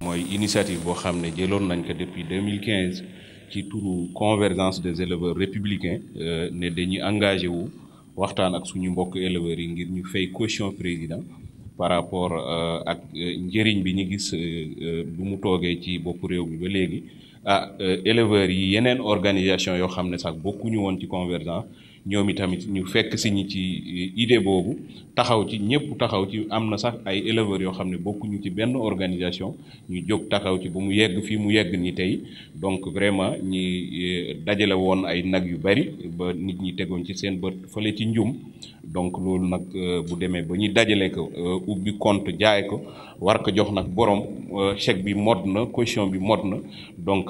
mooy initiative boo xam ne jëloon nañ ko depuis 2015 ci turu convergence des éleveurs républicains euh, ne dañuy engagé wu waxtaan ak suñu mbokk éleveurs yi ngir ñu fay caution président par rapport euh, ak euh, njëriñ bi ñu gis bu mu toogee ci bopp réew mi ba léegi ah éleveurs yi yeneen organisation yoo xam ne sax bokkuñu woon ci convergent ñoom itamit ñu fekk si ñi ci euh, idée boobu taxaw ci ñëpp taxaw ci am na sax ay éleveurs yoo xam ne bokkuñu ci benn organisation ñu jóg taxaw ci ba mu yegg fii mu yegg ni tey donc vraiment ñi euh, dajale woon ay nag yu bari ba nit ñi tegoon ci seen bët fële ci njum donc loolu nag bu demee ba ñu dajale ko ubbi compte jaay ko war ko jox nag borom chèque bi mot na caution bi mot na donc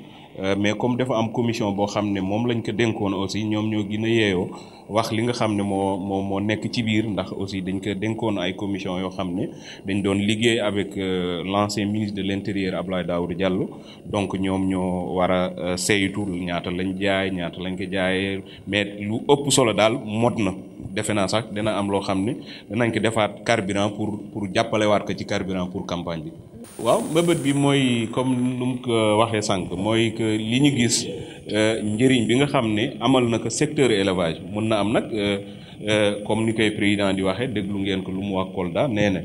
Euh, mais comme dafa am commission boo xam ne moom lañ ko dénkoon aussi ñoom ñoo gën a yeeyoo wax li nga xam ne moo moo moo nekk ci biir ndax aussi dañ ko dénkoon ay commission yoo xam ne dañ doon liggéey avec euh, l'ancien ministre de l'intérieur Abdoulaye Daouda jàll donc ñoom ñoo war a euh, saytu ñaata lañ jaay ñaata lañ ko jaayee mais lu ëpp solo daal mot na defe naa sax dina am loo xam ne danañ ko defaat carburant pour pour jàppalewaat ko ci carburant pour campagne bi. waaw mbëbët bi mooy comme lu mu ko waxee sànq mooy que li ñu gis euh, njëriñ bi nga xam ne amal na ko secteur élevage mun na am nag euh, euh, comme ni koy président di waxee déglu ngeen ko lu mu wax Kolda nee na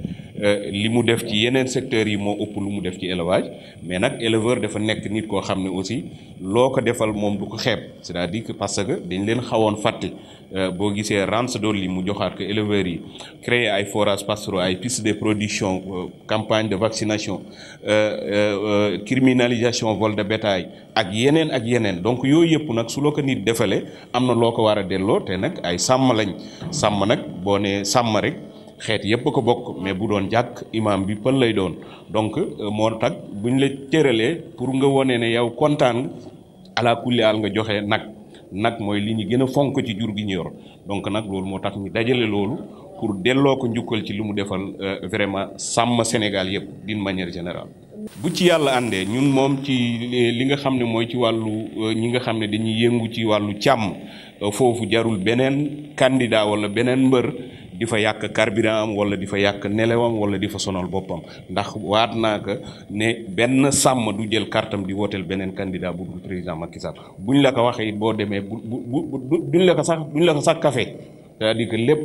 li mu def ci yeneen secteurs yi moo ëpp lu mu def ci élevage mais nag éleveur dafa nekk nit koo xam ne aussi loo ko defal moom du ko xeeb c'est-à-dire que parce que dañ leen xawoon fàtte Euh, boo gisee Ranch Dolli mu joxaat ko éleveurs yi créer ay forages pastoraux ay pistes de production euh, campagne de vaccination euh, criminalisation vol de bétail ak yeneen ak yeneen donc yooyu yëpp nag su loo ko nit defalee am na loo ko war a delloo te nag ay sàmm lañ sàmm nag boo nee sàmm rek. xeet yëpp ko bokk mais bu doon jàkk imaam bi pël lay doon donc moo tax bu ñu la cëralee pour nga wone ne yow kontaan alaa kulli nga joxe nag nag mooy li ñu gën a fonk ci jur gi ñu donc nag loolu moo tax ñu dajale loolu pour delloo ko njukkal ci li mu defal euh, vraiment sàmm Sénégal yëpp d'une manière général bu ci yàlla àndee ñun moom ci euh, li nga xam ne mooy ci wàllu euh, ñi nga xam ne dañuy yëngu ci wàllu càmm foofu jarul beneen candidat wala beneen mbër. di fa yàq carburant am wala di fa yàq nelewam wala di fa sonal boppam ndax waat naa que ne benn sàmm du jël kartam di wotel beneen candidat bu dul président Macky Sall buñ la ko waxee it boo demee bu bu duñ la ko sax duñ la ko sax café c'est-à-dire que lépp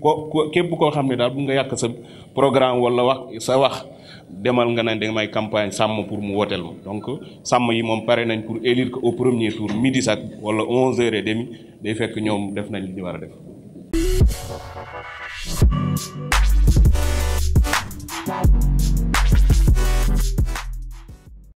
ko ko képp koo bu nga yàq sa programme wala wax sa wax demal nga ne damay campagne sàmm pour mu wooteel ma donc sàmm yi moom pare nañ pour élire ko au premier tour midi sax wala 11 heures et demi day fekk ñoom def nañ li ñu def Thank you.